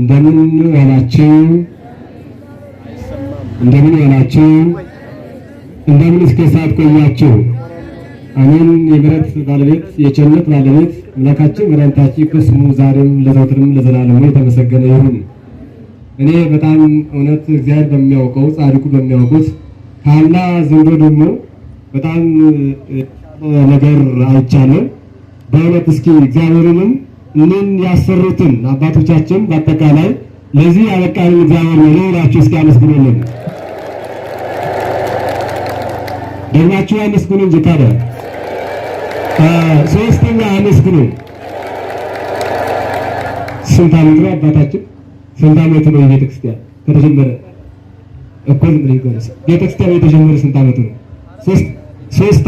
እንደምን ዋላችሁ? እንደምን ዋላችሁ? ሰዓት ቆያችሁ። አሜን። የምሕረት ባለቤት የቸነት ባለቤት አምላካችን መድኃኒታችን ከስሙ ዛሬም ለዘወትርም ለዘላለሙ የተመሰገነ ይሁን። እኔ በጣም እውነት እግዚአብሔር በሚያውቀው ጻድቁ በሚያውቁት ካህና ዘንዶ ደግሞ በጣም ነገር አይቻለሁ። በእውነት እስኪ እግዚአብሔርንም ምን ያሰሩትን አባቶቻችን በአጠቃላይ ለዚህ ያበቃልን እግዚአብሔር ነው ልላችሁ እስኪ አመስግኑልን። ደግማችሁ አመስግኑ እንጂ ታዲያ። ሶስተኛ አመስግኑ። ስንት ዓመት ነው አባታችን? ስንት ዓመት ነው ቤተክርስቲያን ከተጀመረ? እኮል ምን ይገርስ ቤተክርስቲያን የተጀመረ ስንት ዓመት ነው? ሶስት ሶስት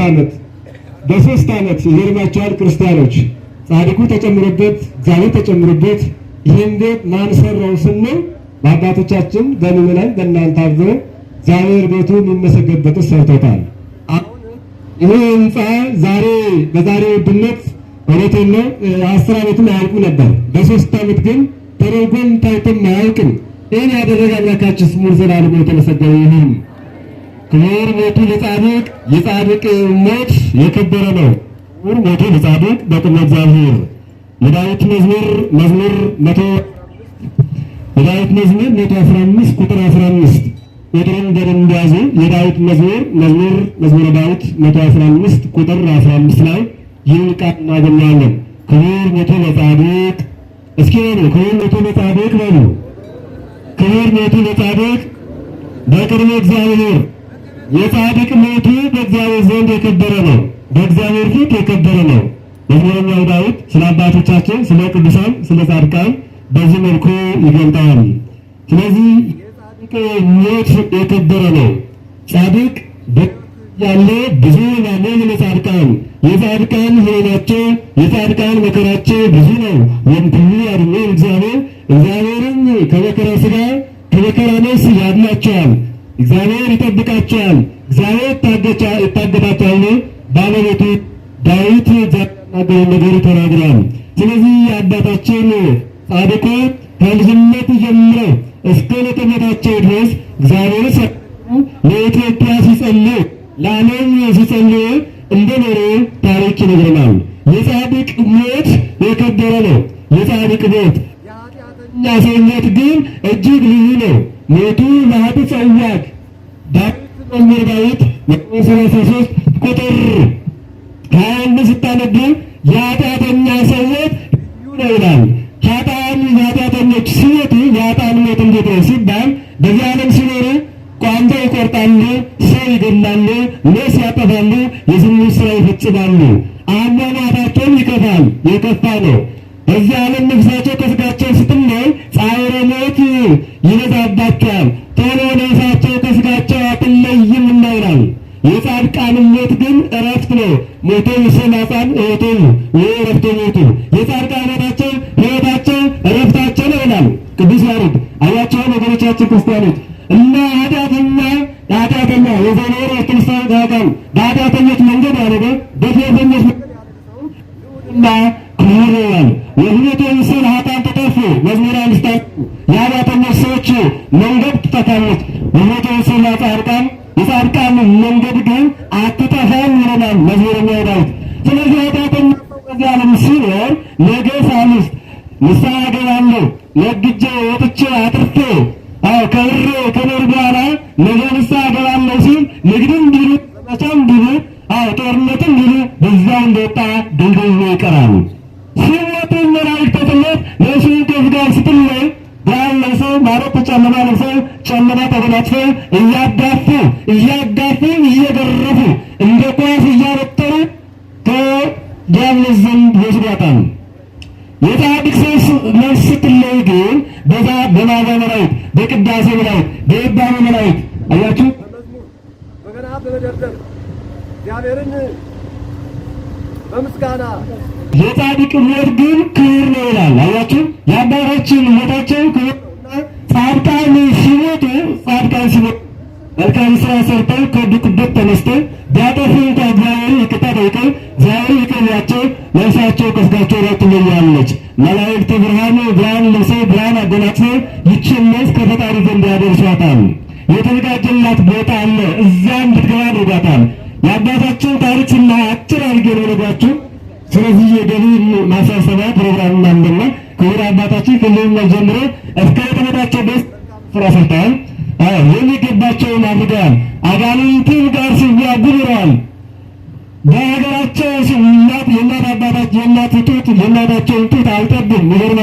በሶስት ዓመት ይገርማችኋል ክርስቲያኖች። ጻድቁ ተጨምሮበት እግዚአብሔር ተጨምሮበት ይህን ቤት ማን ስንል በአባቶቻችን በምዕመናን በእናንተ አብሮ እግዚአብሔር ቤቱ የሚመሰገንበት ሰርቶታል። ይሄ ህንፃ ዛሬ በዛሬ ውድነት እውነቴን ነው አስር ዓመትም አያልቁ ነበር። በሶስት ዓመት ግን ተረጎም ታይቶም አያልቅም። ይህን ያደረገ አምላካችን ስሙ ዘላለሙ የተመሰገነ ይሁን። ክቡር ሞቱ ለጻድቅ የጻድቅ ሞት የከበረ ነው። ክቡር ሞቱ ለጻድቅ በቅድመ እግዚአብሔር የዳዊት መዝሙር መዝሙር መቶ የዳዊት መዝሙር መቶ አስራ አምስት ቁጥር አስራ አምስት ቁጥርን በደንብ ያዙ። የዳዊት መዝሙር መዝሙር መዝሙረ ዳዊት 115 ቁጥር 15 ላይ ይህን ቃል እናገኛለን። ክቡር ሞቱ ለጻድቅ እስኪ ሆኑ ክቡር ሞቱ ለጻድቅ በሉ። ክቡር ሞቱ ለጻድቅ በቅርቡ እግዚአብሔር የጻድቅ ሞቱ በእግዚአብሔር ዘንድ የከበረ ነው፣ በእግዚአብሔር ፊት የከበረ ነው። መዝሙረኛው ዳዊት ስለ አባቶቻችን፣ ስለ ቅዱሳን፣ ስለ ጻድቃን በዚህ መልኩ ይገልጣል። ስለዚህ ሞት የከበረ ነው። ጻድቅ ያለ ብዙ ናመን ለጻድቃን የጻድቃን ሕይወታቸው የጻድቃን መከራቸው ብዙ ነው። ወንድሙ አድኖ እግዚአብሔር እግዚአብሔርን ከመከራ ስጋ ከመከራ ነፍስ ያድናቸዋል። እግዚአብሔር ይጠብቃቸዋል። እግዚአብሔር ይታገዳቸዋል። ባለቤቱ ዳዊት ዛናገው ነገር ተናግሯል። ስለዚህ የአባታችን ጻድቁ ከልጅነት ጀምረው እስከ ነቀመጣቸው ድረስ እግዚአብሔር ለኢትዮጵያ ሲጸልዩ ለዓለም ሲጸልዩ እንደኖረ ታሪክ ይነግረናል። የጻድቅ ሞት የከበረ ነው። የጻድቅ ሞት የኃጢአተኛ ሰው ግን እጅግ ልዩ ነው። ሞቱ ባህቱ ጸዋት ዳዊት ዳዊት ሰላሳ ሶስት ቁጥር ሀያ አንድ ስታነብ የኃጢአተኛ ሰው ልዩ ነው ይላል። ኃጢአተኞች ሲሞቱ የኃጥአን ሞት እንዴት ነው ሲባል በዚህ ዓለም ሲኖሩ ቋንቋ ይቆርጣሉ፣ ሰው ይገላሉ፣ ነፍስ ያጠፋሉ፣ የዝሙት ስራ ይፈጽማሉ። አሟሟታቸውም ይከፋል፣ የከፋ ነው። በዚህ ዓለም ነፍሳቸው ከስጋቸው ስትለይ ጻዕረ ሞት ይበዛባቸዋል፣ ቶሎ ነፍሳቸው ከስጋቸው አትለይም ይላል። የጻድቃንም ሞት ግን እረፍት ነው። ሞቶ ይሰላጻን እወቶሙ ወእረፍተ ሞቱ የጻድቃን ኦርቶዶክስ ክርስቲያኖች እና ኃጢአተኛ ኃጢአተኛ የዛሬ ክርስቲያን ታውቃሉ። በኃጢአተኞች መንገድ ያደረገ በትዕቢተኞች እና ክብር ያለ የሁለቱ ምስል ኃጢአት ተጠፉ መዝሙረ አንስታ የኃጢአተኞች ሰዎች መንገድ ትጠፋለች። የሁለቱ ምስል ጻድቃን የጻድቃን መንገድ ግን አትጠፋም ይለናል መዝሙረኛ ዳዊት። ስለዚህ ኃጢአተኛ በዚህ ዓለም ሲኖር ነገ ሳምስት ንስሐ እገባለሁ ነግጄ በሰዎች ዘንድ ወስዷታል። የጻድቅ ሰው ነፍስ ስትለይ ግን በዛ በማዛ መላእክት፣ በቅዳሴ መላእክት፣ በእባኑ መላእክት አያችሁ በገና በመደርደር እግዚአብሔርን በምስጋና የጻድቅ ሞት ግን ክብር ነው ይላል። አያችሁ የአባታችን ሞታቸው ክብር ጻድቃን ሲሞቱ ጻድቃን ሲሞቱ መልካም ስራ ሰርተው ከወደቁበት ተነስተው ቢያጠፉ እንኳ እግዚአብሔርን ይቅጣ ጠይቀው እግዚአብሔር ይቅር ነፍሳቸው ከስጋቸው ሮጥ ትለያለች። መላእክት ብርሃን ብርሃን ለብሰው ብርሃን አጎናጽፈው ይችን ነፍስ ከፈጣሪ ዘንድ ያደርሷታል። የተዘጋጀላት ቦታ አለ፣ እዛ እንድትገባ አድርጓታል። የአባታችን ታሪክ እና አጭር አድርጌ ነው የምነግራችሁ። ስለዚህ የገቢ ማሳሰቢያ ፕሮግራም አንደና ክቡር አባታችን ክልልና ጀምሮ እስከ ሕልፈታቸው ደስ ስራ ሰርተዋል። የሚገባቸውን አድርገዋል። አጋንንትን ጋር ሲዋጉ ኖረዋል። በሀገራቸው እናት የእናት አባታች የእናት ጡት የእናታቸውን ጡት አልጠብም ምሁር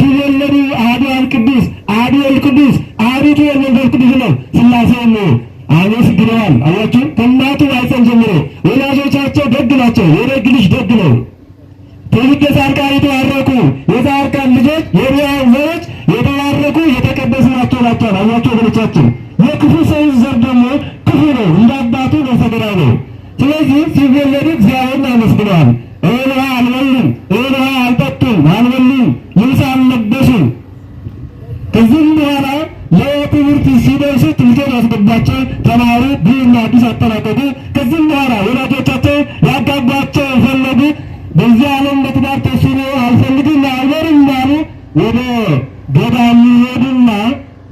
ሲወለዱ አሐዱ ቅዱስ አሐዱ ቅዱስ አሐዱ ትወር መንፈስ ቅዱስ ነው። ስላሴን ነው አበስ ግረዋል ከእናቱ አይፀን ጀምሮ ወላጆቻቸው ደግ ናቸው። የደግ ልጅ ደግ ነው። ትውልደ ጻድቃን የተባረኩ የጻድቃን ልጆች የብርሃን ዘሮች የተባረኩ የተቀደሱ ናቸው ናቸው አላቸው ወገኖቻችን ከዚህም በኋላ ለትምህርት ሲደርሱ ትምህርትን ያስገቧቸው ተማሩ ብና አዲስ አጠናቀቁ። ከዚህም በኋላ ወላጆቻቸው ያጋቧቸው ፈለጉ። በዚህ ዓለም በትዳር ተስኖ አልፈልግም አልበርም ባሉ ወደ ገዳም ሄዱና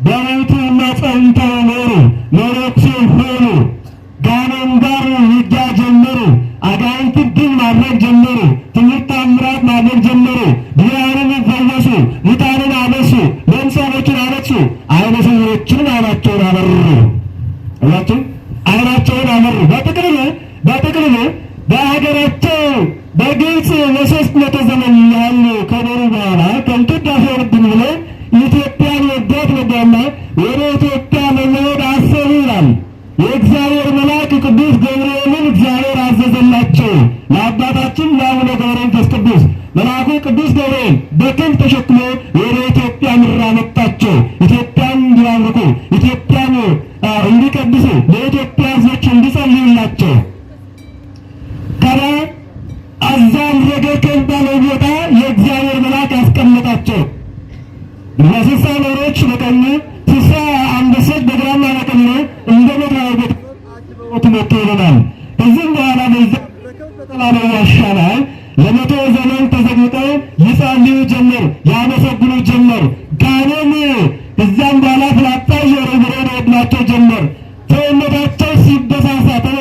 በቤቱ እና ኖሩ። ሌሎች ሆኑ ጋኔን ጋር ውጊያ ጀመሩ። አጋንንትን ድል ማድረግ ጀመሩ። አይነ ስውሮችን አይናቸውን አበሩ እላቸው እንዲቀድሱ ለኢትዮጵያ ሕዝቦች እንዲጸልዩላቸው ከላይ አዛን ረገድ ከሚባለው ቦታ የእግዚአብሔር መልአክ ያስቀመጣቸው ለስሳለ Baba Baba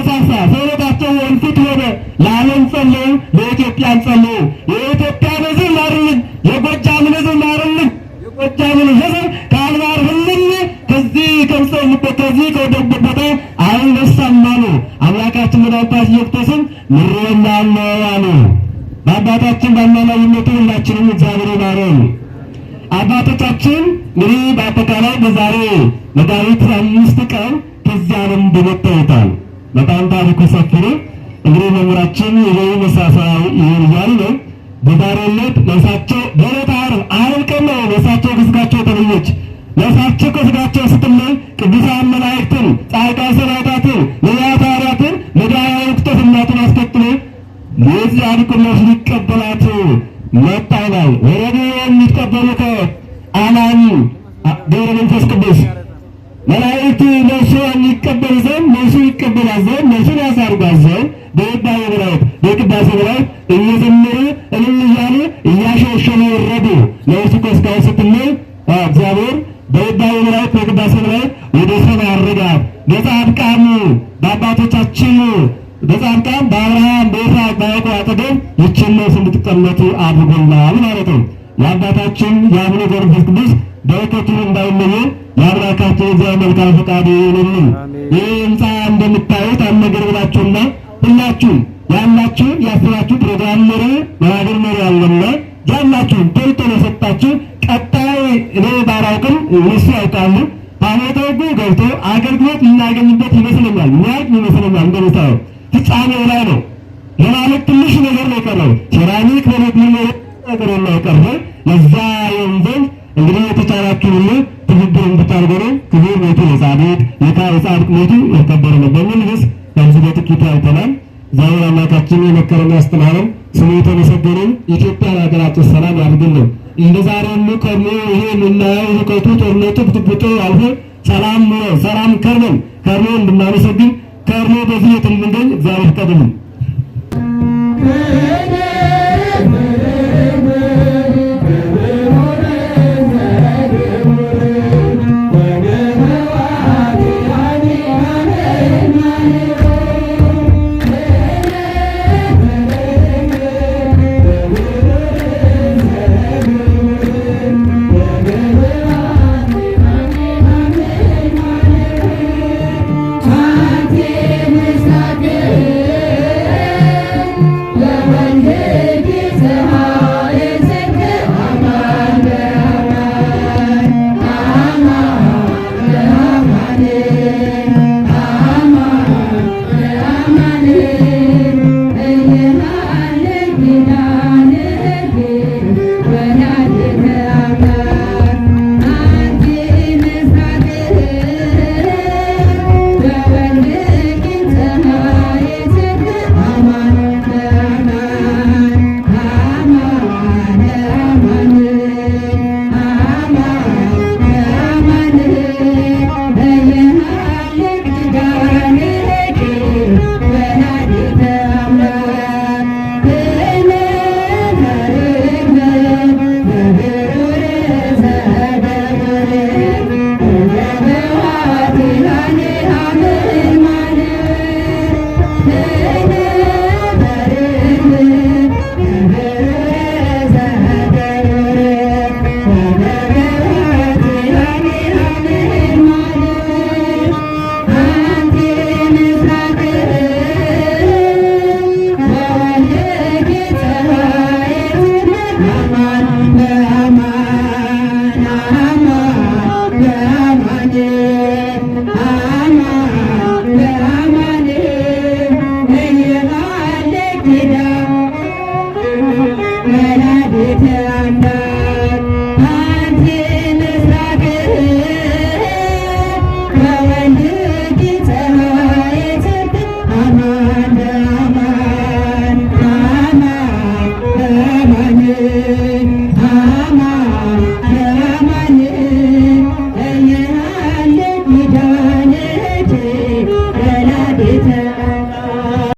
ነው። እንግዲህ መምህራችን የበይ መሳሳይ ይሆን ነው። በባርነት ነፍሳቸው በዕለተ ዓርብ ዓርብ ቀን ነው ነፍሳቸው ከስጋቸው ተለየች። ነፍሳቸው ከስጋቸው ስትለይ ቅዱሳን መላእክትን፣ ጻድቃን ሰማዕታትን፣ ነቢያት ሐዋርያትን መድኃኒተ እናቱን አስከትሎ የዚህ ጻድቁ ሊቀበላት መጣ ይላል። ወረዱ የሚቀበሉ ከአላኒ ገብረ መንፈስ ቅዱስ መላእክት ነፍሱን ይቀበል ዘንድ ነፍሱ ይቀበላል ዘንድ ነፍሱን ያሳርጓት ዘንድ በወዳዊ ብረት በቅዳሴ ብረት እየዘመረ እልል እያለ እያሸሸሉ ወረዱ። ነፍሱ ከስካይ ስትምል እግዚአብሔር በወዳዊ ብረት በቅዳሴ ብረት ወደ ሰማይ ያረጋት። በጻድቃኑ በአባቶቻችን በጻድቃን በአብርሃም በይስሐቅ በያዕቆብ አጠገብ ይችን ነፍስ እንድትቀመጡ አድርጎናል ማለት ነው። የአባታችን የአቡነ ገብረ መንፈስ ቅዱስ በረከቱን እንዳይለየን የአምላካችን የእግዚአብሔር መልካም ፈቃድ ይሆንልን። ይህ ህንፃ እንደምታዩት አልነገርብላችሁና ሁላችሁም ያላችሁ ያስባችሁ ፕሮግራም መሪ መናገር መሪ አለና ያላችሁም ቶልቶሎ የሰጣችሁ ቀጣይ እኔ ባላውቅም እነሱ ያውቃሉ። ባለተወጉ ገብቶ አገልግሎት ልናገኝበት ይመስለኛል፣ ሚያቅ ይመስለኛል። እንደምታዩ ፍጻሜው ላይ ነው ለማለት ትንሽ ነገር ነው የቀረው ሴራሚክ በቤት ነገር የማይቀር ሞቱ የከበረ ነው በሚል ህዝ በብዙ በጥቂቱ አይተናል። ዛሬ አምላካችን የመከረን ያስተማረን ስሙ የተመሰገነን ኢትዮጵያን ሀገራችን ሰላም ያድርግልን። እንደ ዛሬ ሙከሙ ይሄ የምናየው ሁከቱ፣ ጦርነቱ፣ ብጥብጡ አልፎ ሰላም ኑሮ ሰላም ከርመን ከርሞ እንድናመሰግን ከርሞ በዚህ የት እንድንገኝ እግዚአብሔር ይፍቀድልን።